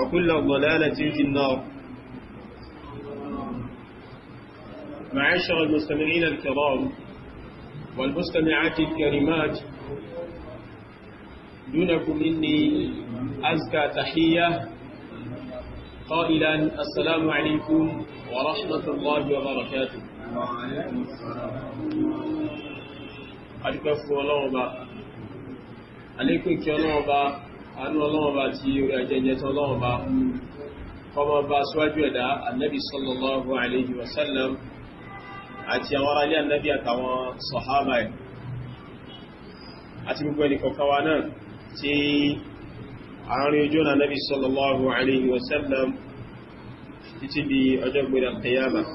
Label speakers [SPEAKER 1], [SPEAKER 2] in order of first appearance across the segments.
[SPEAKER 1] وكل ضلالة في النار معاشر المستمعين الكرام والمستمعات الكريمات دونكم إني أزكى تحية قائلا السلام عليكم ورحمة الله وبركاته أدكف ولوبا عليكم كنوبا àánú ọlọ́wọ́ba tí orí ajẹ́jẹ́ tó ọlọ́wọ́ba kọmọ bá síwájú ẹ̀dá annabi sallallahu alayhi wa sallam àti àwọn ará ilé annabi àtàwọn sọ̀hábà ẹ̀ àti gbogbo ẹni kọkawa náà tí àárín ojú ọ̀nà annabi sallallahu alayhi wa sallam títí di ọjọ́ gbẹ̀rẹ̀ qiyamah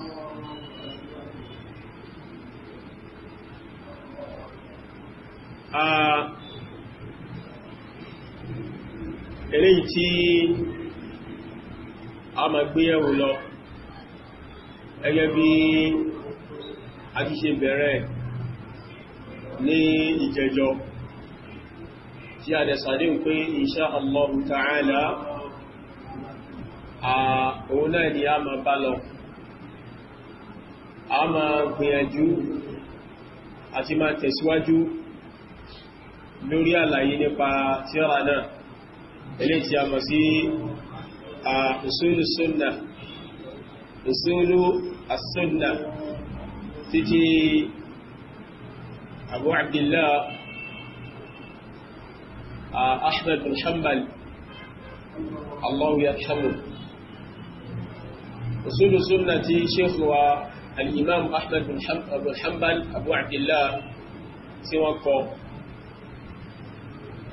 [SPEAKER 1] Ah eléyìí tí a ma gbé ẹ̀wò lọ ẹgẹ́ bí a ti ṣe bẹ̀rẹ̀ ní ìjẹjọ tí a dẹ̀sàdé ń pé insha Allah ta'ala a òun náà ni a ma bá lọ a ma gbìyànjú àti ma tẹ̀síwájú lórí àlàyé nípa tíra náà eléyìí tí a mọ̀ sí usulu sunna usulu as-sunna títí abu abdullah ahmed bin hanbal allahu yarhamu usulu sunna tí sheikh wa al-imam ahmed bin hanbal abu abdullah tí wọ́n kọ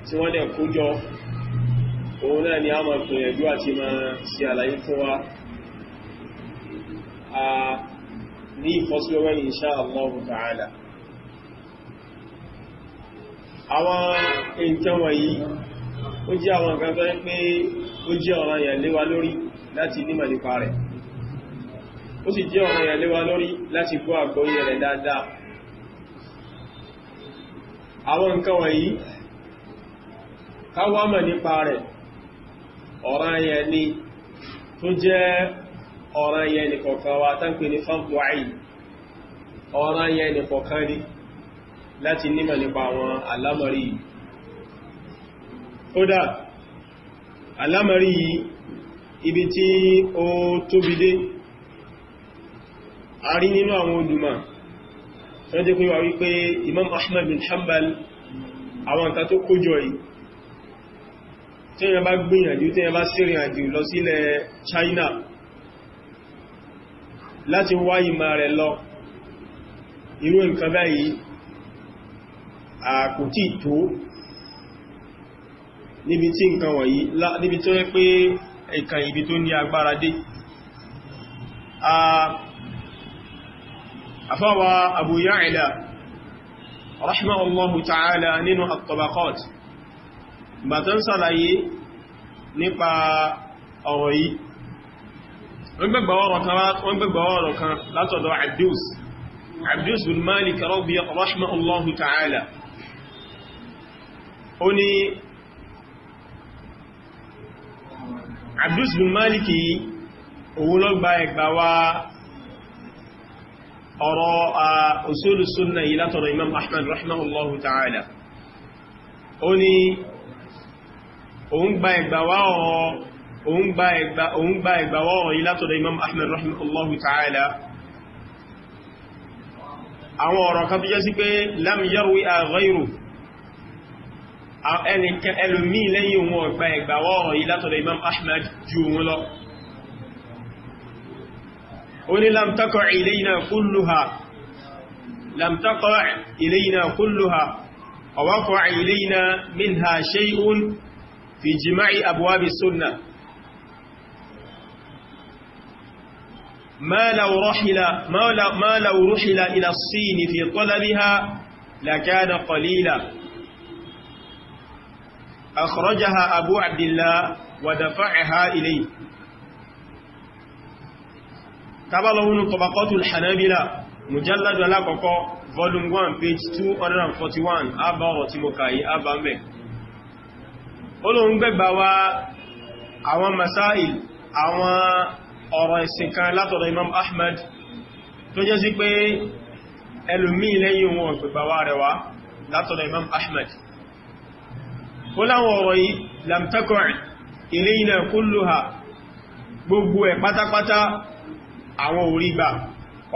[SPEAKER 1] tí wọ́n dẹ̀ kó òun náà ni a máa gbìyànjú àti máa ṣe àlàyé fún wa a ní ìfọ́síwẹ́wẹ́ insha Allah ta'ala àwọn nǹkan wọ̀nyí ó jẹ́ àwọn nǹkan tó ń pé ó jẹ́ ọ̀ràn yẹn léwa lórí láti nímọ̀ nípa rẹ̀ ó sì jẹ́ ọ̀ràn yẹn léwa lórí láti gbọ́ àgbọ́yé rẹ̀ dáadáa àwọn nǹkan wọ̀nyí káwàmọ̀ nípa rẹ̀ ọ̀ràn yẹn ni tó jẹ́ ọ̀ràn yẹn nìkọ̀kan wa tán pè ní fáńpù àyí ọ̀ràn yẹn nìkọ̀kan rí láti nímọ̀ nípa àwọn alámọ̀rí yìí kódà alámọ̀rí yìí ibi tí ó tóbi dé a rí nínú àwọn olùmọ̀ tó jẹ́ pé wà wípé Imam Ahmad bin Hanbal àwọn nǹkan tó kójọ yìí tí yẹn bá gbìyànjú tí yẹn bá sírìn àjò lọ sílẹ̀ China láti wá ìmọ̀ rẹ̀ lọ irú nǹkan báyìí àkùtì tó níbi tí nǹkan wọ̀nyí níbi tó rẹ́ pé ẹ̀kàn ibi tó ní agbára dé àfáwà Abu Ya'la rahimahullahu ta'ala nínú at-Tabaqat ìgbà tó ń sàlàyé nípa ọ̀rọ̀ yìí wọ́n gbẹ̀gbà ọ̀rọ̀ kan látọ̀dọ̀ abdus abdus bin malik rọ́bí rahimahullahu ta'ala ó ní abdus bin malik yìí òun ló gba ẹgbà wa ọ̀rọ̀ usulu sunna yìí látọ̀dọ̀ imam ahmad rahimahullahu ta'ala ó ní òun gba ẹgbàwá ọ̀rọ̀ òun gba ẹgbàwá ọ̀rọ̀ yìí látọ̀dọ̀ imam ahmed rahimahullahu ta'ala àwọn ọ̀rọ̀ kan tó jẹ́ sí pé lam yarwi ghayru ẹlòmí lẹ́yìn òun ọ̀gbà ẹgbàwá ọ̀rọ̀ yìí látọ̀dọ̀ imam ahmed ju òun lọ ó ní lam taqa ilayna kulluha lam taqa ilayna kulluha aw waqa minha shay'un fi jima'i abuwabi sunna ما لو رحل ما لو, ما لو رحل إلى الصين في طلبها لكان قليلا أخرجها أبو عبد الله ودفعها إليه تبلغون طبقات الحنابلة مجلد ولا كوكو فولوم 1 page 241 أبا رتمكاي أبا مك olóhun gbẹ́gbà wa àwọn masáì àwọn ọ̀rọ̀ ẹ̀sìn kan látọ̀dọ̀ Imam Ahmad tó jẹ́ sí pé ẹlùmí lẹ́yìn wọn gbẹ̀gbà wa rẹ̀ wá látọ̀dọ̀ Imam Ahmad ó láwọn ọ̀rọ̀ yìí lamtakọ̀ ilayna kulluha gbogbo ẹ̀ pátápátá àwọn òrígbà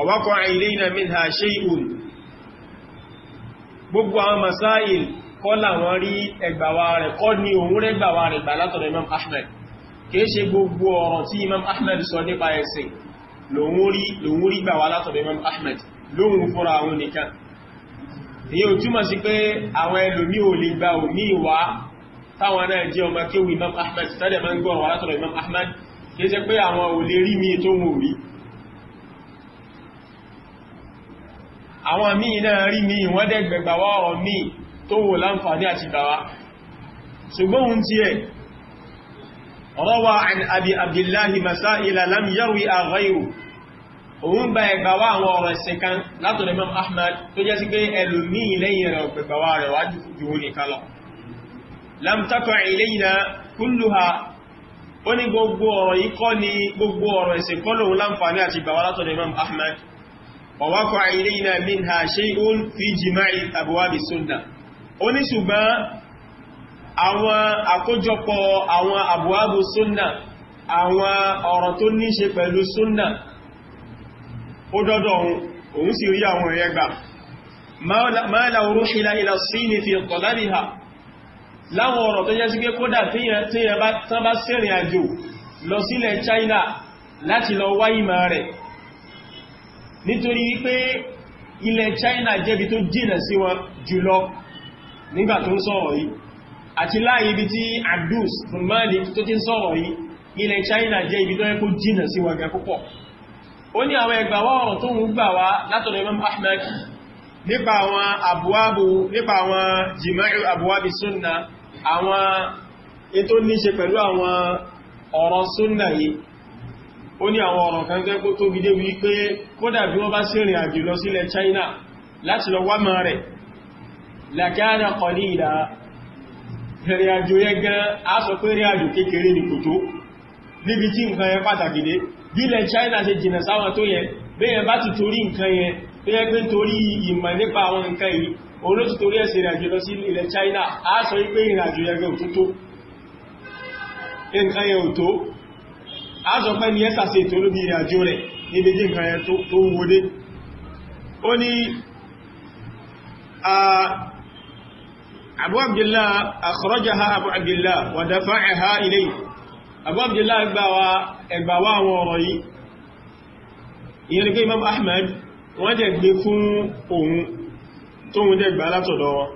[SPEAKER 1] ọ̀wọ́kọ̀ kọ́ làwọn rí ẹgbàwà rẹ̀ kọ́ ní òun rẹ̀gbàwà rẹ̀ gbà látọ̀dọ̀ Imam Ahmed kìí ṣe gbogbo ọ̀rọ̀ tí Imam Ahmed sọ nípa ẹ̀sìn lòun rí gbàwà látọ̀dọ̀ Imam Ahmed lóhun fúnra àwọn nìkan èyí ò túmọ̀ sí pé àwọn ẹlòmí ò lè gba òmí ìwá táwọn náà jẹ́ ọmọ kéwù Imam Ahmed tẹ́lẹ̀ máa ń gbọ́ ọ̀rọ̀ látọ̀dọ̀ Imam tó wò láǹfààní àti gbàwá ṣùgbọ́n ohun tí ẹ̀ rọwà àbí abdullahi masáìlá lam yarwi àgbáyò òun gba ẹgbàwá àwọn ọ̀rọ̀ ẹ̀sìn kan látọ̀dọ̀ imam ahmad tó jẹ́ sí pé ẹlòmíì lẹ́yìn rẹ̀ òpẹgbàwá rẹ̀ wájú ju òun nìkan lọ lam takọ̀ ilayna kulluha ó ní gbogbo ọ̀rọ̀ yìí kọ́ ni gbogbo oníṣùgbọ́n àwọn àkójọpọ̀ àwọn àbúhábù súnnà àwọn ọ̀rọ̀ tó ní ṣe pẹ̀lú súnnà ó dọ́dọ̀ òun sì rí àwọn ẹ̀yẹgbà ma la ruhila ila síni fi talabiha láwọn ọ̀rọ̀ tó jẹ́ sí pé kódà tíyàn bá sẹ́rìn àjò lọ sílẹ̀ China láti lọ wá ìmọ̀ rẹ̀ nítorí China jẹ́bi tó jìnà sí wọn jùlọ nígbà tó ń sọ̀rọ̀ yìí àti láàyè ibi tí Abdus bin Malik tó ti ń sọ̀rọ̀ yìí ilẹ̀ China jẹ́ ibi tó yẹ kó jìnà sí wàgà púpọ̀ ó ní àwọn ẹgbà wá ọ̀rọ̀ tó ń gbà wá látọ̀dọ̀ Imam Ahmad nípa àwọn àbúwábù nípa àwọn jìmáì àbúwábì súnnà àwọn ètò níṣe pẹ̀lú àwọn ọ̀rọ̀ súnnà yìí ó ní àwọn ọ̀rọ̀ kan jẹ́ kó tó gidé wí pé kódà bí wọ́n bá sí lakana qalila ìrìn àjò yẹn gan a sọ pé ìrìn àjò kékeré ní kòtó níbi tí nǹkan yẹn pàtàkì dé bílẹ̀ China ṣe jìnà sáwọn tó yẹn bẹ́yẹn bá ti torí nǹkan yẹn tó yẹ pé torí ìmọ̀ nípa àwọn nǹkan yìí òun ló ti torí ẹ̀sẹ̀ ìrìn lọ sí ilẹ̀ China a sọ pé ìrìn àjò yẹn gan òtótó nǹkan yẹn òtó a sọ pé ní ẹ̀sà ṣe ètò olóbi ìrìn rẹ̀ níbi tí nǹkan yẹn tó ń wọlé ó ní abu abdullah akhrajaha abu abdullah wa dafa'aha ilayhi abu abdullah ẹgbàwà àwọn ọ̀rọ̀ yìí ìyẹn pé imam ahmad wọ́n jẹ́ gbé fún òun tó ń jẹ́ gbà látọ̀dọ̀ wọn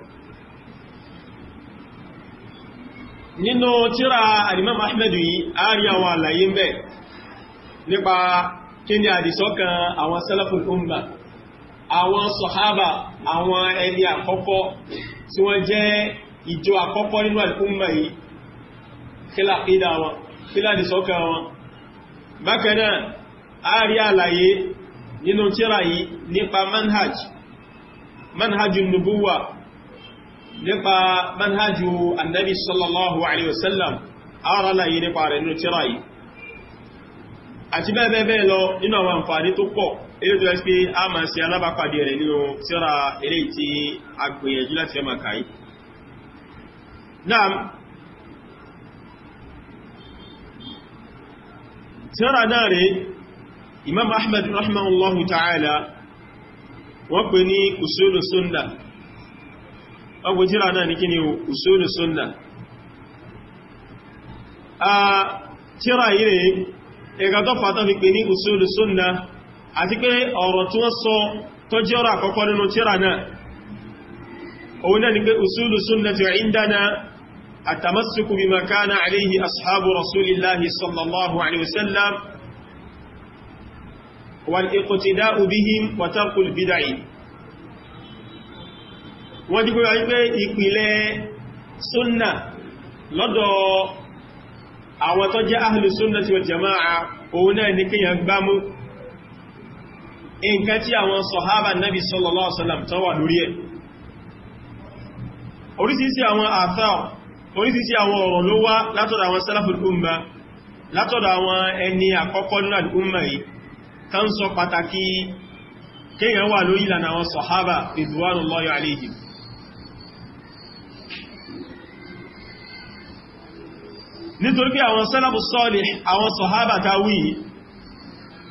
[SPEAKER 1] nínú tíra alimam ahmad yìí a rí àwọn àlàyé ń bẹ nípa kí ni umma àwọn sọ̀hábà àwọn ẹni àkọ́kọ́ tí wọ́n jẹ́ ìjọ àkọ́kọ́ nínú àìkúnmọ̀ yìí kílà ìdá wọn kílà ìsọ́kà wọn bákan náà a rí àlàyé nínú tírà yìí nípa manhaj manhaj nubuwa nípa manhaj annabi sallallahu alaihi wasallam a rà àlàyé nípa rẹ̀ nínú tírà yìí àti bẹ́ẹ̀ bẹ́ẹ̀ lọ nínú àwọn àǹfààní tó pọ̀ ilé tó ẹ́sì pé a máa ṣe alábàpàdé rẹ̀ nínú síra eré tí a gbìyànjú láti ẹmà kàí náà síra náà rẹ̀ imam ahmed rahmanullahu ta'ala wọ́n pè ní usulu sunna ọgbọ̀n síra náà ní kí ni usulu sunna a ah, síra yìí rẹ̀ ẹ̀gà tó fàtà fi pè ní usulu sunna àti pé ọ̀rọ̀ tí wọ́n sọ tó jẹ́ ọ̀rọ̀ àkọ́kọ́ nínú tírà náà òun náà ni pé usulu sunnati indana التمسك بما كان عليه أصحاب رسول الله صلى الله عليه وسلم والاقتداء بهم وترك nǹkan tí àwọn sọ̀hábà nábi sallallahu alaihi wasallam wà lórí ẹ̀ orísìísí àwọn àtàw orísìísí àwọn ọ̀rọ̀ ló wá látọ̀dọ̀ àwọn salaful nítorí pé àwọn salafu salih àwọn sọ̀hábà ta wí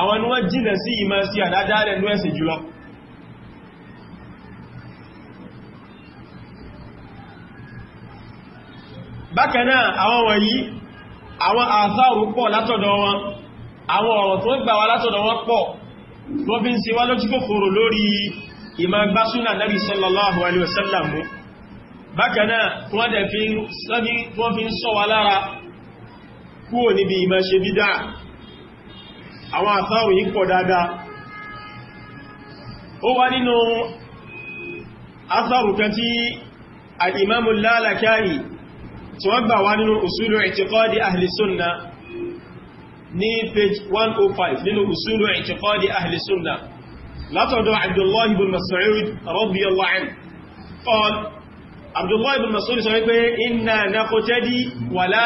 [SPEAKER 1] àwọn ni wọ́n jìnà sí ìmọ̀ sí àdájá rẹ̀ ní ẹ̀sìn jùlọ bákanáà àwọn wọ̀nyí àwọn àsáàrù pọ̀ látọ̀dọ̀ wọn àwọn ọ̀rọ̀ tó gbà wá látọ̀dọ̀ wọn pọ̀ wọ́n fi ń ṣe wá lójú kòkòrò lórí ìmọ̀ gbásúnà Nabi sallallahu alaihi wasallam mú bákanáà àwọn àsáàrù yìí pọ̀ dáadáa ó wá nínú àsáàrù kan tí al-Imam al-Lalaka'i tí wọ́n gbà wá nínú usulu i'tiqadi ahli sunna ní page 105 nínú usulu i'tiqadi ahli sunna látọ̀dọ̀ Abdullahi ibn Mas'ud radiyallahu anhu qala Abdullahi ibn Mas'ud sọ wípé inna naqtadi wa la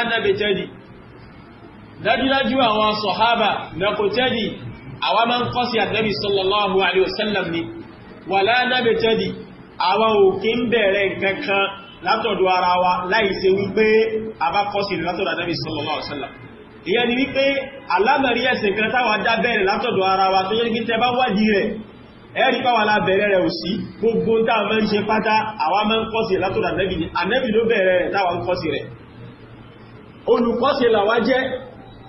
[SPEAKER 1] dájúdájú àwọn sọ̀hábà na kò tẹ́dì àwọn máa ń kọ́ sí ànábì sallallahu alaihi wasallam ni wà lánàbì tẹ́dì àwọn òkè ń bẹ̀rẹ̀ kankan látọ̀dọ̀ ara wa láì ṣe wípé a bá kọ́ sí látọ̀dọ̀ ànábì sallallahu alaihi wasallam ìyẹn ni wípé alámàrí ẹ̀sìn kan táwa dá bẹ̀rẹ̀ látọ̀dọ̀ ara wa tó yẹ kí tẹ bá wádìí rẹ̀ ẹ̀rí pàwà lábẹ̀rẹ̀ rẹ̀ òsí gbogbo tá a máa ń ṣe pátá àwa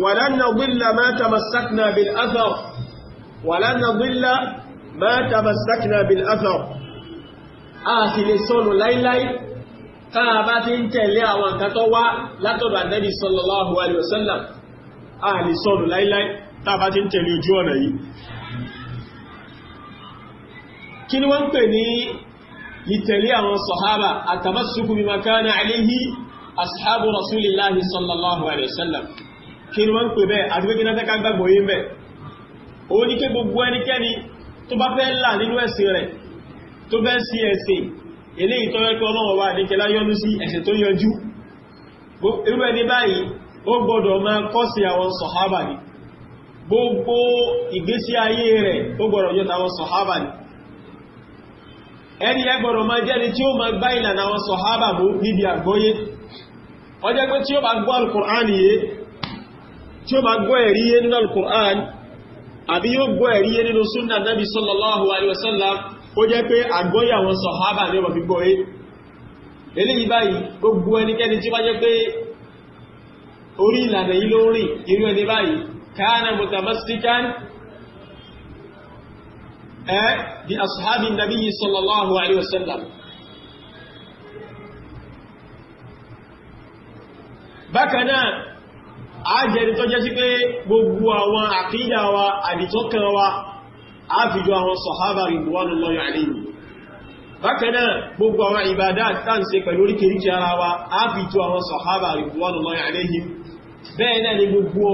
[SPEAKER 1] ولن نضل ما تمسكنا بالأثر ولن نضل ما تمسكنا بالأثر آخر السنة ليلي táa bá ti ń tẹ̀lé àwọn nǹkan tó wá látọ̀dọ̀ ànábì sallallahu alaihi wasallam a lè sọ̀rọ̀ láíláí táa bá ti ń tẹ̀lé ojú ọ̀nà yìí kí ni wọ́n ń pè ní ìtẹ̀lé àwọn sọ̀hábà àtàbásùkú bí makana aléhí ashabu rasulillahi sallallahu alaihi wasallam kiri ni wọ́n ń pè bẹ́ẹ̀ àti pé kí ní afẹ́ká gbàgbọ́ yé mẹ́ ó ní kí gbogbo ẹnikẹ́ni tó bá fẹ́ là nínú ẹ̀sìn rẹ̀ tó fẹ́ sí ẹ̀sìn eléyìí tó rẹ́kọ́ ọlọ́wọ́ wa àdíkẹ́ láyọ́nú sí ẹ̀sìn tó yanjú irú ẹni báyìí ó gbọ́dọ̀ máa kọ́sí àwọn sọ̀hábà ni gbogbo ìgbésí ayé rẹ̀ ó yọta àwọn sọ̀hábà ni ẹni ẹ máa tí ó máa gbá ìlànà àwọn sọ̀hábà mú níbi àgbọ́yé ọjọ́ pé tí ó bá gbọ́ yìí tí ó bá gbọ́ ẹ̀rí yé nínú al-Qur'an àbí yóò gbọ́ ẹ̀rí yé nínú súnà Nabi sallallahu alaihi wasallam ó jẹ́ pé àgbọ́yé àwọn sàhábà ní ọmọ gbígbọ́ yé eléyìí báyìí gbogbo ẹnikẹ́ni tí wá jẹ́ pé orí ìlànà yìí ló rìn irú ẹni báyìí kana ẹ́ bí ashabi nabiyyi sallallahu alaihi a jẹni tó jẹ́ sí pé gbogbo àwọn àkídà wa àdìtọ́kàn wa a fi jọ àwọn sọ̀hábà ridwanullahi alayhim bákan náà gbogbo àwọn ìbádà tàǹsẹ pẹ̀lú oríkèríkè ara wa a fi jọ àwọn sọ̀hábà ridwanullahi alayhim bẹ́ẹ̀ náà ni gbogbo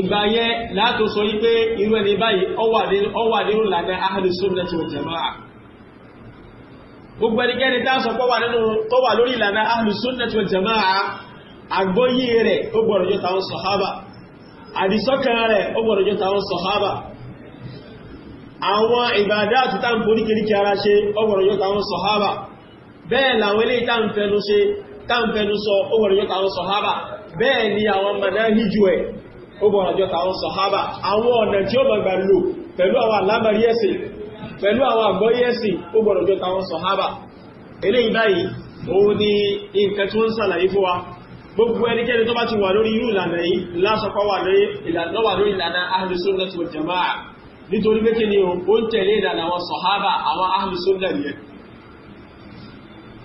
[SPEAKER 1] ìgbà yẹn látò sọ yí pé irú ẹni báyìí ọwà nínú ìlànà ahlus sunnati wal jamaa gbogbo ẹnikẹ́ni tá sọ pọ́ wà nínú tó wà lórí ìlànà jamaa àgbóyí rẹ̀ ó gbọ́dọ̀ jọ tàwọn sọ̀hábà àdìsọ́kàn rẹ̀ ó gbọ́dọ̀ jọ sọ̀hábà àwọn ìbàdá àtútà ń borí kìríkì ara ṣe ó gbọ́dọ̀ sọ̀hábà bẹ́ẹ̀ làwọn ilé fẹnu sọ ó gbọ́dọ̀ sọ̀hábà bẹ́ẹ̀ ni àwọn mọ̀dá ẹ̀ ó gbọ́nà jọ tàwọn sọ̀hábà àwọn ọ̀nà tí ó gbàgbà lò pẹ̀lú àwọn alámàrí ẹ̀sìn pẹ̀lú àwọn àgbọ́yé ẹ̀sìn ó gbọ́nà jọ tàwọn sọ̀hábà eléyìí báyìí òun ni nǹkan tí ó ń sàlàyé fún wa gbogbo ẹnikẹ́ni tó bá ti wà lórí irú ìlànà yìí lásọpọ̀ wà lórí ìlànà ni ó ń tẹ̀lé ìlànà àwọn sọ̀hábà àwọn ahlu sunnah yẹn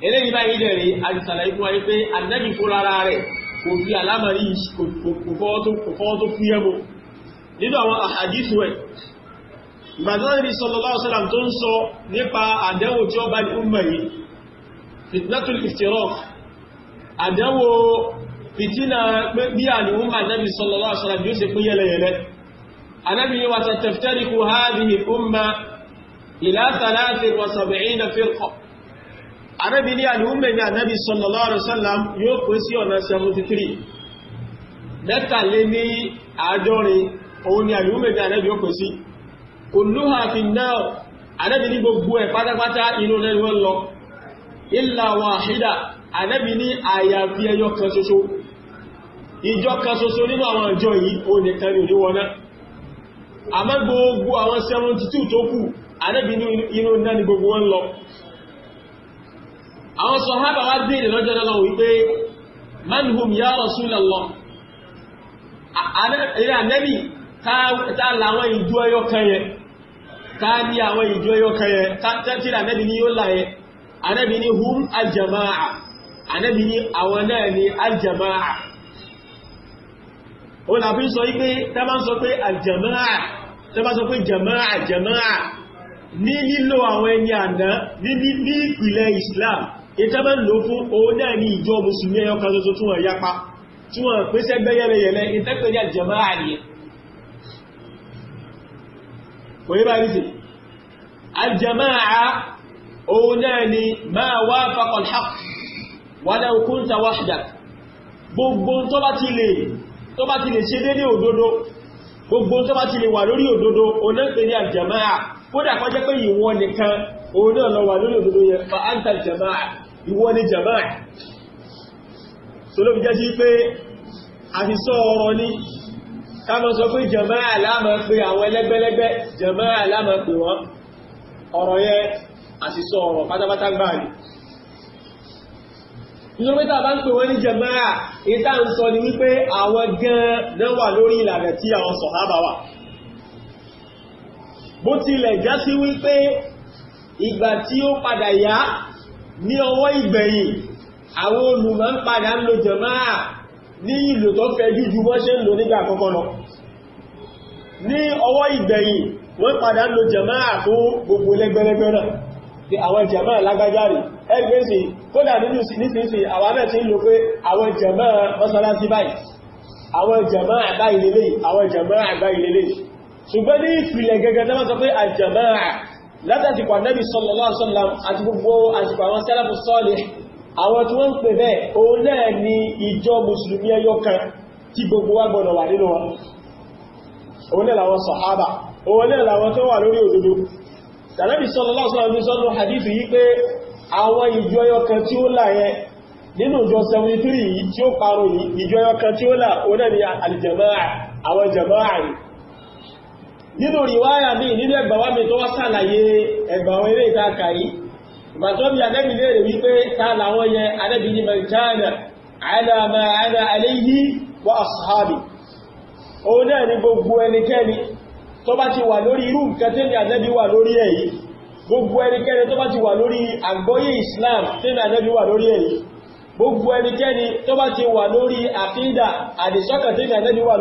[SPEAKER 1] eléyìí báyìí dẹ̀ rí àti sàlàyé kò fi alámàrí kòfọ́wọ́ tó fúyẹ́ mọ́ nínú àwọn àhàdífù ẹ̀ ìbàdánàrí sallallahu alaihi wasallam tó ń sọ nípa àdánwò tí ó bá ní ọmọ yìí fitnatul iftiraq àdánwò fitina bí àníwọ́n ànábì sallallahu alaihi wasallam yóò ṣe pín yẹlẹyẹlẹ ànábì yóò wata taftariku hadhihi al anábi ní alìhúnmẹ̀ ní anábi sallallahu alaihi wasallam yóò pín sí ọ̀nà 73 mẹ́tàlé ní àádọ́rin òun ni alìhúnmẹ̀ ní anábi yóò pín sí kulluha fin-nar anábi ní gbogbo ẹ̀ pátápátá inú lẹ́nu wọn lọ illa wahida anábi ní àyàfi ẹyọ kan ṣoṣo ìjọ kan ṣoṣo nínú àwọn ìjọ yìí òun nìkan ni àwọn sọ̀hábà wá bèèrè lọ́jọ́ náà wípé manhum ya Rasulullah ilé ànẹ́bì ta láwọn ìjọ ẹyọ kẹyẹ ta ní àwọn ìjọ ẹyọ kẹyẹ tí ànẹ́bì ní yóò láyẹ ànẹ́bì ní hum aljama'a ànẹ́bì ní àwọn náà ní aljama'a ó làbí sọ wípé tẹ́bá sọ pé aljama'a tẹ́bá sọ pé jama'a jama'a ní lílo àwọn ẹni àná ní ìpìlẹ̀ Islam ìtẹ́bẹ̀ ló fún òun náà ní ìjọ mùsùlùmí ẹyọ kan tuntun tí wọ́n yapa tí wọ́n pèsè gbẹ́yẹlẹyẹlẹ ìtẹ́pẹ̀ ní àjẹmọ́ àyè kò yí bá rí sí àjẹmọ́ à òun náà ni máa wá fakọ̀ hàk wàdà òkun ta wáṣídà gbogbo tó bá ti lè tó bá ti ṣe dédé òdodo gbogbo náà lọ wà lórí òdodo yẹn fa áńtà jẹmáà ìwọ ni jama'a so ló fi jẹ́ sí pé a ti sọ ọ̀rọ̀ ní káàmọ́ sọ pé jama'a láàmà pé àwọn ẹlẹ́gbẹ́lẹ́gbẹ́ jama'a láàmà pè wọ́n ọ̀rọ̀ yẹn a ti sọ ọ̀rọ̀ pátápátá gbáà ni nítorí tàbá ń pè wọ́n ní jẹmáà ìta ń sọ ní bó tilẹ̀ já sí wípé ìgbà tí ó padà yá ní ọwọ́ ìgbẹ̀yìn àwọn olùmọ̀ ń padà ń lo jàmáà ní ìlò tó fẹ́ jújú wọ́n ṣe ń lò nígbà àkọ́kọ́ lọ ní ọwọ́ ìgbẹ̀yìn wọ́n padà ń lo jàmáà fún gbogbo lẹ́gbẹ̀lẹ́gbẹ̀ náà ti àwọn jàmáà lágbájáre ẹgbẹ́sì kódà nínú nísinsìn àwọn náà ti ń lò pé àwọn jàmáà mọ́sálásí báyìí àwọn jàmáà àgbáyìlélẹ́yìn àwọn jàmáà àgbáyìlélẹ́yìn ṣùgbọ́n ní ìpìlẹ̀ gẹ́gẹ́ tó wọ́n sọ pé àjàmáà látàsìkò ànábì sallallahu alaihi wasallam àti gbogbo àsìkò àwọn sẹ́lẹ̀fù sọ́ọ̀lẹ̀ àwọn tí wọ́n ń pè bẹ́ẹ̀ òun náà ni ìjọ mùsùlùmí ẹyọ kan tí gbogbo wa gbọ́dọ̀ wà nínú wọn òun náà làwọn sàhábà òun náà làwọn tó wà lórí òdodo ànábì sallallahu alaihi wasallam ní sọ́nù hadithu yí pé àwọn ìjọ ẹyọ kan tí ó là yẹn nínú ìjọ 73 yìí tí ó parun yìí ìjọ ẹyọ kan tí ó là òun náà ni àlìjàmáà àwọn jàmáà ni nínú rìwáyà mi nínú ẹgbàwá mi tó wá sàlàyé ẹgbàwá eré ìtaka yìí ìgbàtọ́bí anẹ́bí léèrè wípé ta làwọn yẹ anẹ́bí ní mẹ́jánà àìlàmà àìlà àléyí wa ashabi òun náà ni gbogbo ẹnikẹ́ni tó bá ti wà lórí irú nǹkan tẹ́lẹ̀ anẹ́bí wà wà lórí àgbọ́yé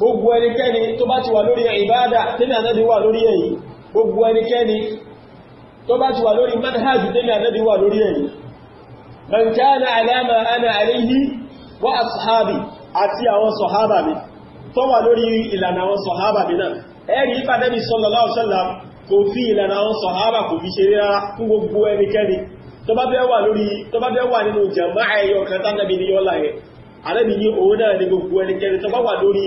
[SPEAKER 1] gbogbo ẹnikẹ́ni tó bá ti wà lórí ìbáadà tẹ́mì ànábì wà lórí èyí gbogbo ẹnikẹ́ni tó bá ti wà lórí manhaj tẹ́mì ànábì wà lórí èyí man kana alama ana alayhi wa ashabi àti àwọn sọ̀hábà mi tó wà lórí ìlànà àwọn sọ̀hábà mi náà ẹ̀rí ìfàdẹ́bì sallallahu alaihi wasallam kò fi ìlànà àwọn sọ̀hábà kò òun náà ní gbogbo ẹnikẹ́ni tó bá wà lórí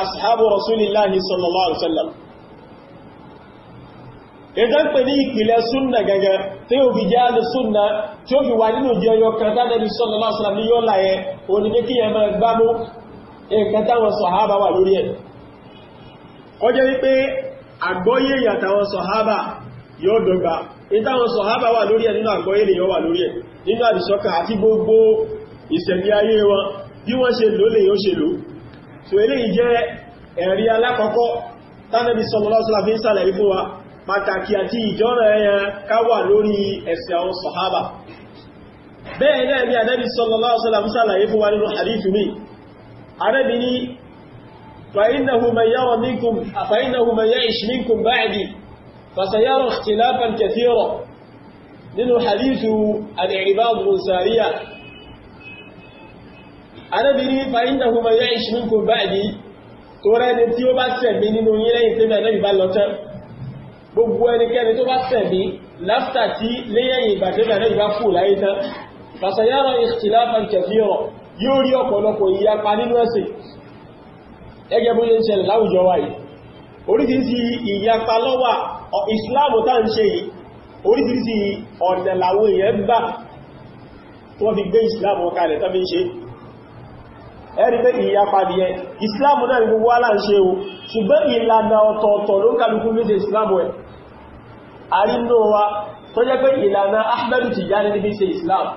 [SPEAKER 1] ashabu rasulillahi sallallahu alaihi wasallam ìdán pè ní ìpìlẹ̀ súnnà gẹ́gẹ́ tí ó fi jẹ́ alì súnnà tí ó fi wà nínú jẹ́ ọyọ kan tánàbí sallallahu alaihi wasallam ní yóò láyẹ òní ní kí ẹmọ gbámú nǹkan táwọn sọ̀hábà wà lórí ẹ̀ ó jẹ́ wípé àgbọ́yé ìyàtàwọn sọ̀hábà yóò dọ́gba ìtàwọn sọ̀hábà wà lórí ẹ̀ nínú àgbọ́yé lè yọ wà lórí ẹ̀ nínú àdìsọ́kà àti gbogbo ìṣẹ̀mí ayé wọn bí wọ́n ṣe lò lè yóò ṣe lò so eléyìí jẹ́ ẹ̀rí alákọ̀ọ́kọ́ tánàbí sọmọlọ́sọ́lá fi ń sàlẹ̀ fún wa pàtàkì àti ìjọ́nà ẹ̀yà káwà lórí ẹ̀sẹ̀ àwọn sọ̀hábà bẹ́ẹ̀ náà ni ànábì sọmọlọ́sọ́lá fi sàlẹ̀ fún wa nínú hadith mi ànábì ní فإنه من يرى منكم فإنه من يعيش منكم بعدي فسيرى اختلافا كثيرا nínú hadithu al-Irbad bin Sariyah arábìnrin fa inna huma ya'ish minkum ba'di tó rẹ́ni tí ó bá sẹ̀mí nínú yín lẹ́yìn tẹ́lẹ̀ náà ìbá lọ tán gbogbo ẹnikẹ́ni tó bá sẹ̀mí láfta tí lẹ́yìn ìgbà tẹ́lẹ̀ náà ìbá kù láyé tán fasayara ikhtilafan kathira yóò rí ọ̀pọ̀lọpọ̀ ìyapa nínú ẹ̀sìn gẹ́gẹ́ bó yẹ ń ṣẹlẹ̀ láwùjọ wa yìí oríṣiríṣi ìyapa ló wà ìsìláàmù tó fi gbé ìsìláàmù kalẹ̀ tó fi ń ṣe ẹ̀rí pé ìyapàdì ẹ ìsìláàmù náà gbogbo wá láà ń ṣe o ṣùgbọ́n ìlànà ọ̀tọ̀ọ̀tọ̀ ló ń kálukú méjì ìsìláàmù ẹ̀ àrínú wa tó jẹ́ pé ìlànà Ahmadu Tijani níbi ṣe ìsìláàmù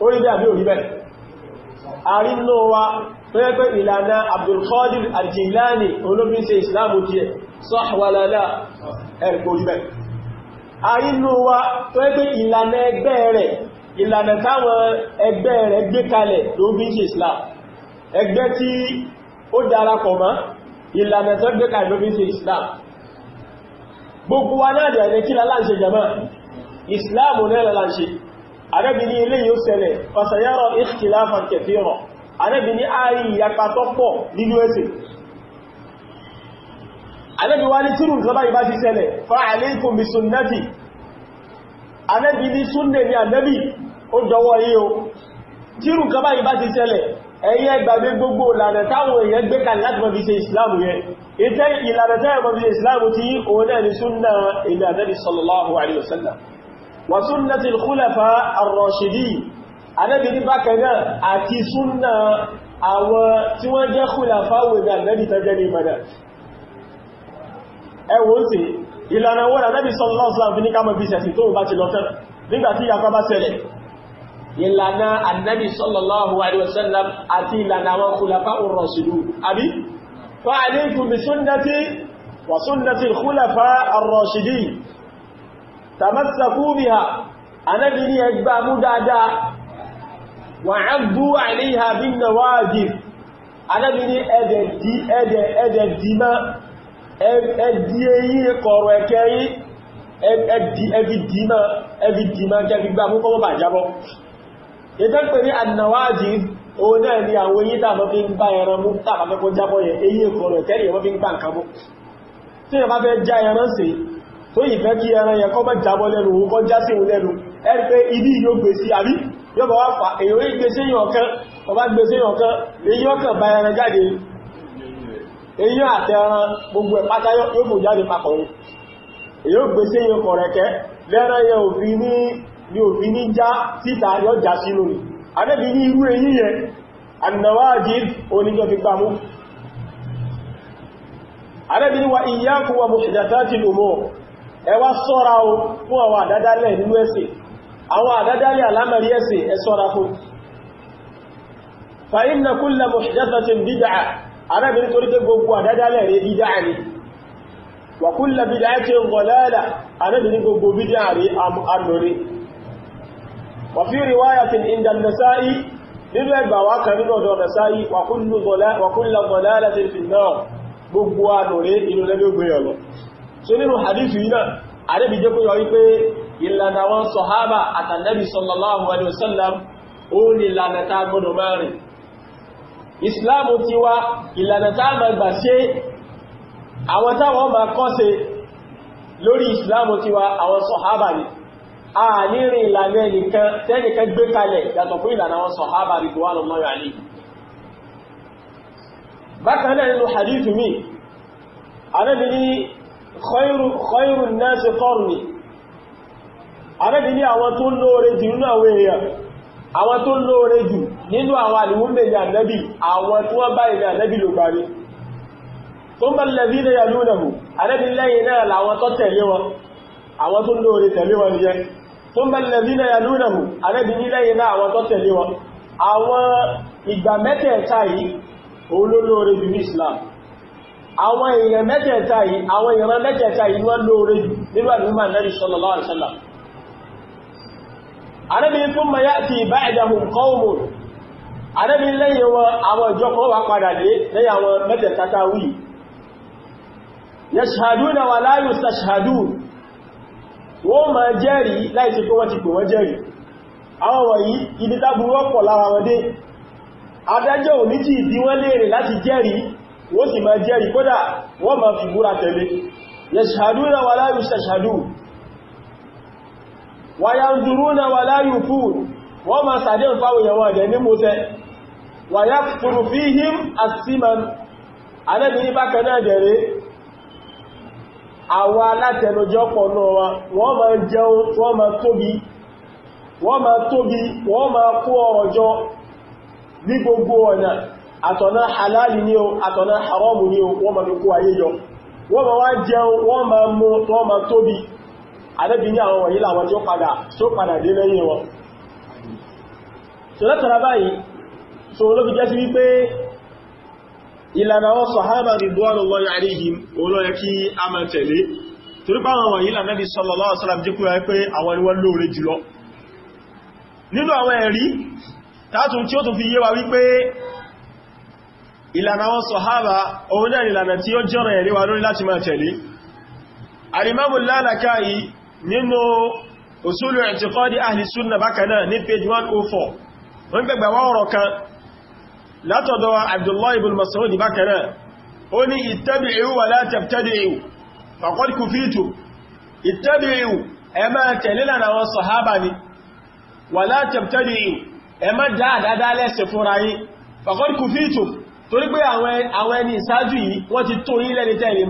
[SPEAKER 1] ó rí bẹ́ẹ̀ àbí ò rí bẹ́ẹ̀ àrínú wa tó ìlànà táwọn ẹgbẹ́ rẹ̀ gbé kalẹ̀ ló fi ṣe islam ẹgbẹ́ tí ó darapọ̀ mọ́ ìlànà tó gbé kalẹ̀ ló fi ṣe islam gbogbo wa náà dẹ̀ kí la láǹṣe jama islam náà la láǹṣe arẹ́bì ní ilé yóò ṣẹlẹ̀ fasayarọ̀ ikhtilafan kathira arẹ́bì ní ààrí ìyapa tó pọ̀ nínú ẹ̀sìn arẹ́bì fa alaykum bi sunnati arẹ́bì ní súnnẹ̀ ní ànẹ́bì ó dọwọ́ yí o tírù kan báyìí bá ti ṣẹlẹ̀ ẹ̀yẹ gbàgbé gbogbo ìlànà táwọn èèyàn gbé kalẹ̀ láti mọ́bí ṣe ìsìláàmù yẹn ìtẹ́ ìlànà tẹ́ mọ́bí ṣe ìsìláàmù tí òun náà ni súnnà èdè ànábì sallallahu alaihi wasallam wa sunnati al-khulafa ar-rashidin ànábì ní bákan náà àti súnnà àwọn tí wọ́n jẹ́ khulafa wèdè ànábì tẹ́jẹ́ ní ìmọ̀dà ẹwọ́n sí ìlànà wọ́n ànábì bá ti ìlànà annabi sallallahu alaihi wasallam àti ìlànà àwọn kùlàfà ar-rasidun àbí fa alaykum bi sunnati wa sunnati al-khulafa ar-rasidin tamassaku biha annabi ní ẹgbà mú dáadáa wa 'addu 'alayha bin nawajib annabi ní ẹ̀dẹ̀ dí ẹ̀dẹ̀ ẹ̀dẹ̀ dí má ẹ̀dí eyí ìtẹ́pẹ̀ ní àdìnàwájì ó náà ni àwọn eyín tàbí fi ń bá ẹran mú tàbí fẹ́ kó jábọ́ yẹn eyín èkó rẹ̀ tẹ́lẹ̀ wọ́n fi ń gbà ń kábọ́ tí ẹ bá fẹ́ já ẹran sí tó yìí fẹ́ kí ẹran yẹn kọ́ mọ́ jábọ́ lẹ́nu kọ́ já sí òun lẹ́nu ẹ̀rí pé ibi yóò gbé sí àbí yóò bá wá fà èyí ó gbé sí yàn kan bàbá gbé sí yàn kan èyí ó kàn bá ẹran jáde èyí àti ní òfin ní já síta yọ já sí lónìí anẹ́bí ní irú èyí yẹ annáwájí oníjọ́ fi gbámú anẹ́bí ní wa iyyakum wa muhdathatil umur ẹ wá ṣọ́ra o fún àwọn àdádálẹ̀ nínú ẹ̀sìn àwọn àdádálẹ̀ alámàrí ẹ̀sìn ẹ ṣọ́ra fún fa inna kulla muhdathatin bid'ah anẹ́bí ní torí gbogbo àdádálẹ̀ rẹ̀ bid'ah وفي رواية عند النسائي nínú ẹgbà wá kan nínú ọ̀dọ̀ nasáyí wàkúnlá mọ̀lára ti fi náà gbogbo àdòrí inú lẹ́bí ogun yọ̀ lọ so nínú hadithu yìí náà àdébì jẹ́ kúrò wípé ìlànà wọn sọ̀hábà àtànẹ́bì sallallahu alaihi wasallam ó ní ìlànà tá gbọ́dọ̀ mẹ́rin ìsìláàmù ti wá ìlànà àníìrìn ìlànà ẹnìkan tẹ́nìkan gbé kalẹ̀ yàtọ̀ fún ìlànà àwọn sọ̀hábà ridwanullahi alayhi bákan náà nínú hadith mi anábi ní khairu nasi qarni anábi ní àwọn tó lóore jù nínú àwọn èèyàn àwọn tó lóore jù nínú àwọn àlùmúmẹ̀ ní àwọn tó ń tẹ̀lé wọn àwọn yẹn ثم الذين يلونه àrẹ́bì nílẹ̀ iná àwọn tó tẹ̀lé wọn àwọn ìgbà mẹ́tẹ̀ẹ̀ta yìí olólóore jù ní Islam àwọn èèyàn mẹ́tẹ̀ẹ̀ta yìí àwọn ìran mẹ́tẹ̀ẹ̀ta yìí wọ́n lóore jù nígbà nígbà náà sallallahu lẹ́yìn wọn àwọn ìjọ kan wà padà dé lẹ́yìn àwọn mẹ́tẹ̀ẹ̀ta wí yashhaduna wa la yustashhadun wọ́n máa jẹ́rìí láìsí pé wọ́n ti pè wọ́n jẹ́rìí àwọn wọ̀nyí ibi tábúrú ọ̀pọ̀ lára wọn dé adájọ́ ò ní tí ìdí wọ́n léèrè láti jẹ́rìí wọ́n sì máa jẹ́rìí kódà wọ́n máa fi búra tẹ̀lé yashhaduna wala yustashhadun wa yanzuruna wala yufun wọ́n máa sàdé àwọn alátẹnujọ́pọ̀ náà wọ́n ma jẹun wọ́n ma tóbi wọ́n ma tóbi wọ́n ma kó ọrọ̀ jọ ní gbogbo ọ̀nà àtọ̀nà halali ni o àtọ̀nà haramu ni o wọ́n ma fi kó ayé jọ wọ́n ma wá jẹun wọ́n ma mú wọ́n ma tóbi àdẹ́bì ní àwọn wọ̀nyí làwọn tí ó padà tó padà dé lẹ́yìn wọn so látara báyìí so ìlànà àwọn sàhábà ridwanullahi alaihim olóyẹ kí a máa tẹ̀lé torípa àwọn wọ̀nyí lànàbí sallallahu alaihi wasallam jíkú rẹ̀ pé àwọn ni wọ́n lóore jùlọ nínú àwọn ẹ̀rí tátùn tí ó tún fi yé wa wípé ìlànà àwọn sàhábà òun náà ìlànà tí ó jẹ́rẹ̀ ẹ̀rí wa lórí láti máa tẹ̀lé alimamu lálàkáyì nínú usulu i'tiqadi ahli sunna bákanáà ní látọ̀dọ̀ Abdullahi ibn Mas'ud bákanáà ó ní ittabi'u wa la tabtadi'u faqad kufitu ittabi'u ẹ máa tẹ̀lé lànà àwọn sàhábà ni wa la tabtadi'u ẹ má dáadáa lẹ́sẹ̀ fúnra yín faqad kufitu torí pé àwọn ẹni ìsáájú yìí wọ́n ti tó yín lẹ́ni tẹ́lẹ̀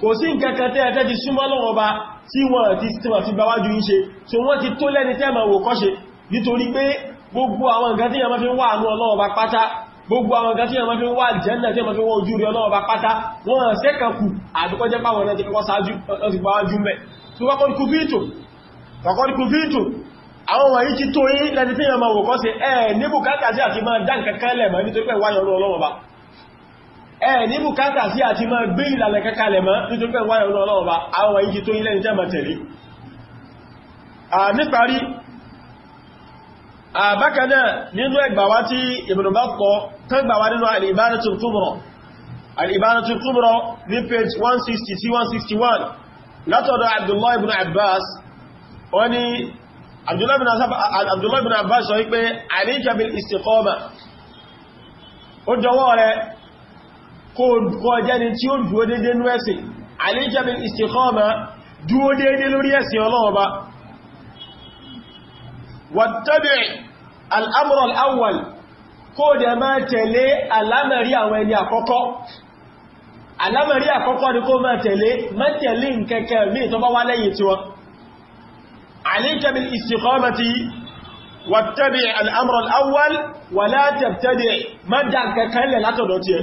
[SPEAKER 1] kò sí nǹkankan tẹ́ ẹ̀tẹ́ ti súnmọ́ lọ́wọ́ bá tí wọ́n ti tíwà fi gbáwájú ń ṣe so wọ́n ti tó lẹ́ni tẹ́mà wò kọ́ṣe nítorí pé gbogbo àwọn nǹkan tí yàmá fi wà ní ọlọ́ọ̀bá pátá gbogbo àwọn nǹkan tí yàmá fi wà jẹ́nà tí yàmá fi wọ́n ojú rí ọlọ́ọ̀bá pátá wọ́n sẹ́kàkù àdúkọ́jẹ́ pàwọn náà ti kọ́kọ́ sáájú ọ̀sì gbáwájú mẹ́ tí wọ́n kọ́ni kúfíìtò kọ́kọ́ni kúfíìtò àwọn wọ̀nyí ti tó yí lẹ́ni tí yàmá wò kọ́ṣe ẹ̀ẹ́ níbùkátà sí àti máa dá nǹkan kan lẹ̀ mọ́ nítorí pé wáyọ̀ ọlọ́ọ̀bá ẹ ní bùkátà sí àti máa gbé ìlànà kankalẹ̀ mọ́ nítorí pé wáyé ọ̀nà ọlọ́ọ̀bá àwọn igi tó ilẹ̀ ìjẹ́ mọ̀tẹ̀lé níparí àbákanáà nínú ẹgbàwá tí ìbìnàbá kọ tán gbàwá nínú al-Ibanatul Kubra al-Ibanatul Kubra ní page 160 sí 161 látọ̀dọ̀ Abdullah ibn Abbas wọ́n ni Abdullah ibn Abbas sọ wípé alayka istiqama ó kó jẹ́ ni tí ó dúó dédé nú ẹ̀sìn àlíjẹ́bìn istikhama dúó dédé lórí ẹ̀sìn ọlọ́ọ̀ba wàtàbí al'amur al'awwal kó dẹ̀ máa tẹ̀lé alámẹ̀rí àwọn ẹni àkọ́kọ́ alámẹ̀rí àkọ́kọ́ ni kó máa tẹ̀lé mẹ́tẹ̀lé nkẹ́kẹ́ mí tó bá wá lẹ́yìn tí wọn àlíjẹ́bìn istikhama ti wàtàbí mẹ́dà kẹ́kẹ́ lẹ̀ látọ̀dọ̀ tiẹ̀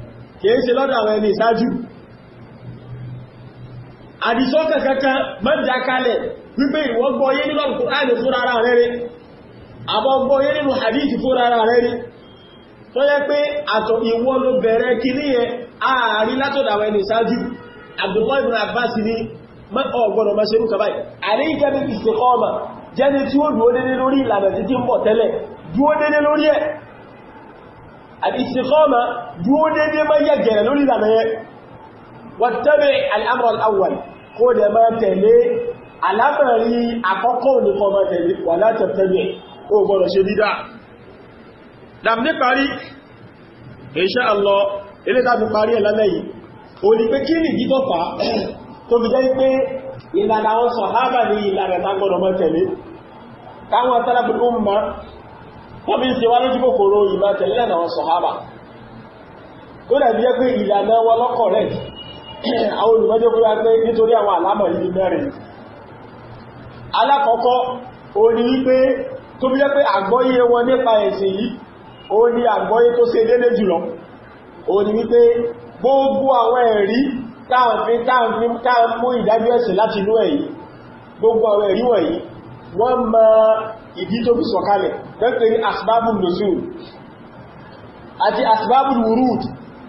[SPEAKER 1] kìí ṣe lọ́dọ̀ àwọn ẹni ìṣáájú àdìsọ́kàn kankan mọ́jà kalẹ̀ wípé ìwọ gbọ́yé nínú Kùránì fún ara rere àbọ̀ gbọ́yé nínú hadith fún ara rere tó yẹ pé àtọ̀ ìwọ ló bẹ̀rẹ̀ kìíní yẹn ààrí látọ̀dọ̀ àwọn ẹni ìṣáájú Abdullah ibn Abbas ní ọgbọ̀nà máa ṣerú kàbáyì àrí ìjẹ́bí istiqama jẹ́ni tí ó dúó dédé lórí ìlànà títí ń bọ̀ tẹ́lẹ̀ dúó dédé lórí ẹ̀ al-istiqama dúó dédé máa yẹ gẹ̀rẹ̀ lórí ìlànà yẹn wattabi' al-amr al-awwal kó dẹ̀ máa tẹ̀lé alámẹ̀rí àkọ́kọ́ nìkan máa tẹ̀lé wà látẹ̀tẹ̀lẹ̀ ó gbọ́dọ̀ ṣe dídá dàm ní parí insha Allah ilé tàbí parí ẹ̀lálẹ́ yìí o ní pé kí ní gítọ́fà tó fi ìlànà àwọn sàhábà ní ìlànà tágbọ́dọ̀ máa tẹ̀lé káwọn tẹ́lẹ̀ wọ́n fi ń ṣe wá lójú kòkòrò ìmá tẹ̀lé lẹ́nà àwọn sọ̀hábà ó dàbí jẹ́ pé ìlànà wọn lọ́kọ̀ rẹ̀ àwọn olùmọ́jọ́ pé wá pé nítorí àwọn àlámọ̀ yìí mẹ́rin alákọ̀ọ́kọ́ ó ní wípé tó bí jẹ́ pé àgbọ́yé wọn nípa ẹ̀sìn yìí ó ní àgbọ́yé tó ṣe déédé jùlọ ó ní wípé gbogbo àwọn ẹ̀rí táwọn fi mú ìdájọ́ ẹ̀sìn láti inú ẹ̀yí gbogbo àwọn ẹ̀rí wọ̀nyí wọ́n máa ìdí tó fi sọ̀kalẹ̀ pẹ́pẹ́ ní asbábùn nùsùn àti asbábùn wùrúd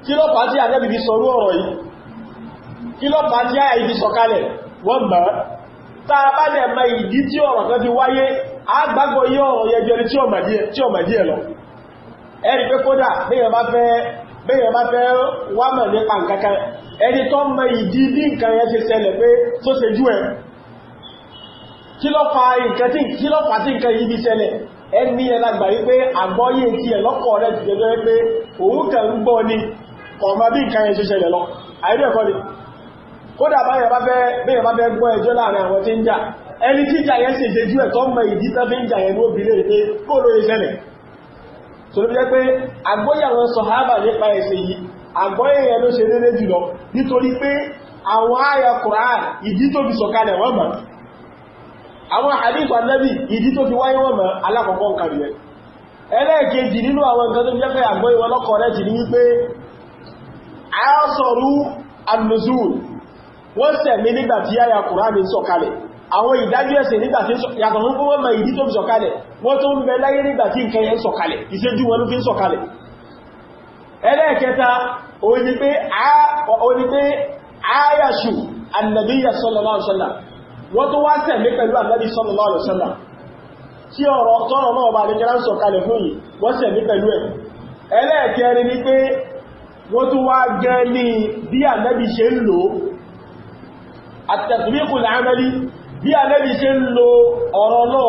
[SPEAKER 1] kí ló pàtí àjẹ́bì fi sọ̀rọ̀ ọ̀rọ̀ yìí kí ló pàtí àyà ìdí sọ̀kalẹ̀ wọ́n bá táa bá dẹ̀ ma ìdí tí ọ̀rọ̀ kan ti wáyé àgbàgbọ́ yí ọ̀rọ̀ kí ló fa nǹkan tí kí ló fa tí nǹkan yìí fi ṣẹlẹ̀ ẹni ẹ̀ lágbà wípé àgbọ́yé ti ẹ̀ lọ́kọ̀ rẹ̀ ti jẹjọ́ wípé òun kàn ń gbọ́ ni ọmọ bí nǹkan yẹn ṣe ṣẹlẹ̀ lọ àìdí ẹ̀kọ́ ni kódà báyọ̀ bá fẹ́ bẹ́yọ̀ bá fẹ́ gbọ́ ẹjọ́ láàrin àwọn tí ń jà ẹni tí jà yẹn sì ṣe jú ẹ̀ tó mọ ìdí tó fi ń jà yẹn ní obìnrin rẹ̀ pé kó ló ṣe ṣẹlẹ̀ tó ló fi jẹ́ pé àgbọ́yé àwọn sọ̀hábà nípa ẹ̀sẹ̀ yìí àgbọ́yé yẹn ló ṣe déédéé jùlọ nítorí pé àwọn àyà Kùránì ìdí tó fi sọ̀kalẹ̀ wọ́n mọ̀ àwọn àdíkù annabi ìdí tó fi wáyé wọ́n mọ̀ alákọ̀ọ́kọ́ nǹkan rẹ̀ ẹlẹ́ẹ̀kejì nínú àwọn nǹkan tó jẹ́fẹ́ àgbọ́ ìwọ lọ́kọ̀ rẹ̀ ti ní wípé àásọ̀rú annuzul wọ́n sẹ̀mí nígbà tí yáya kùránì sọ̀kalẹ̀ àwọn ìdájú ẹ̀sẹ̀ nígbà tí yàtọ̀ fún fún wọ́n mọ̀ ìdí tó fi sọ̀kalẹ̀ wọ́n tó ń bẹ láyé nígbà tí nǹkan yẹn sọ̀kalẹ̀ ìṣẹ́jú wọn ló sallallahu alaihi wọ́n tó wá tẹ̀lé pẹ̀lú ànábì sallallahu alaihi wasallam tí ọ̀rọ̀ tọ́rọ̀ náà bá ní kíra ń sọ kalẹ̀ fún yìí wọ́n tẹ̀lé pẹ̀lú ẹ̀ ẹlẹ́ẹ̀kẹrin ni pé wọ́n tó wá gẹ́ ní bí ànábì ṣe ń lò àtẹ̀tùmíkù láàmẹ́lí bí ànábì ṣe ń lo ọ̀rọ̀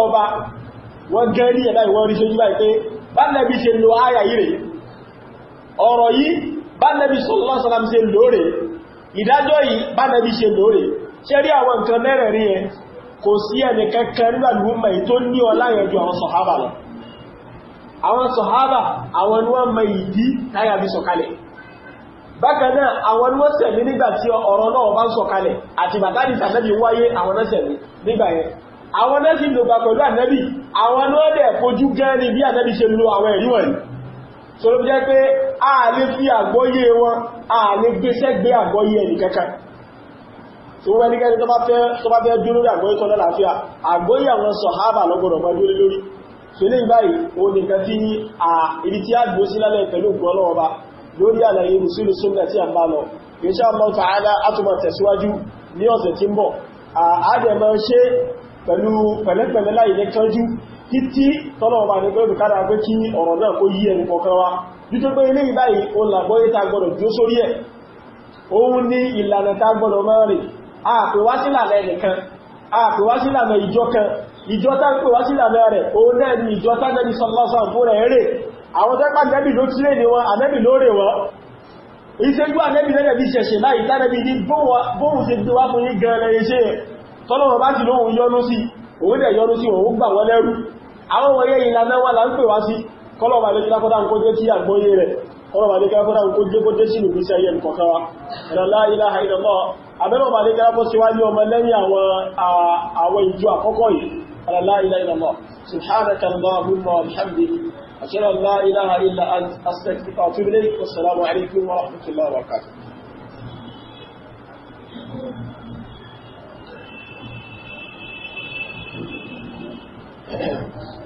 [SPEAKER 1] ṣe rí àwọn nǹkan mẹ́rẹ̀ẹ̀rí yẹn kò sí ẹni kankan nínú àlùmọ̀ èyí tó ní ọlá yẹn ju àwọn sọ̀hábà lọ àwọn sọ̀hábà àwọn ni wọ́n mọ ìdí táyà fi sọ̀kalẹ̀ bákan àwọn ni wọ́n sẹ̀mí nígbà tí ọ̀rọ̀ náà bá ń sọ̀kalẹ̀ àti bàtà ní sàtẹ́bí wáyé àwọn náà sẹ̀mí nígbà yẹn àwọn náà sì lògbà pẹ̀lú ànẹ́bì àwọn ni bí tó wọ́n ẹnikẹ́ni tó bá fẹ́ dúró lórí àgbóyé tó lálàáfíà àgbóyé àwọn sọ̀hábà lọ́gbọ̀dọ̀ máa dúró lórí so lè báyìí o ni nǹkan tí a ibi tí a gbó sí lálẹ́ pẹ̀lú ògùn ọlọ́ọba lórí àlàyé rùsùlù súnmọ̀ tí a bá lọ insha Allah ta'ala átùmọ̀ tẹ̀síwájú ní ọ̀sẹ̀ tí ń bọ̀ àádẹ́mọ̀ ṣe pẹ̀lú wa nítorí pé ilé ìbáyìí o làgbọ́yé ta gbọ́dọ̀ dúró sórí ẹ̀ òun ní ìlànà ta gbọ́dọ̀ àpè wá sí ìlànà ẹnìkan àpè wá sí ìlànà ìjọ kan ìjọ tá ń pè wá sí ìlànà rẹ̀ òun náà ni ìjọ tá nẹ́bí sọlọ́sàn fún rẹ̀ rè àwọn tẹ́pà nẹ́bí ló tílé ni wọn ànẹ́bí lóore wọn ìṣẹ́jú ànẹ́bí lẹ́nẹ̀bí ṣẹ̀ṣẹ̀ láì tánẹ́bí ní bóhùn ṣe gbé wá fún yí gan lẹ́yẹ ṣe tọ́lọ́wọ́ bá ti lóhun yọ́nú sí òun dẹ̀ yọ́nú sí òun gbà wọ́n lẹ́rú àwọn wọ̀nyẹ́ ìlànà wà lá ń pè wá sí kọlọ̀wà lè kílákọ́dá ń kó jẹ́ tí àgbóyé rẹ̀ kọlọ̀wà lè kílákọ́dá ń kó jẹ́ kó jẹ́ sínú ìgbésí ayé nǹkan kan wa abẹ́bàbà lè kẹ́rẹ́ bọ́ síwájú ọmọ lẹ́yìn àwọn ìjọ àkọ́kọ́ yìí alàlá ilẹ̀ ìlọ́mọ̀ subhanaka allahumma wa bihamdika ashhadu an la ilaha illa anta astaghfiruka Thank you.